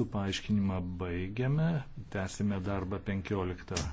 Su paaiškinimą baigiame, tęsime darbą 15.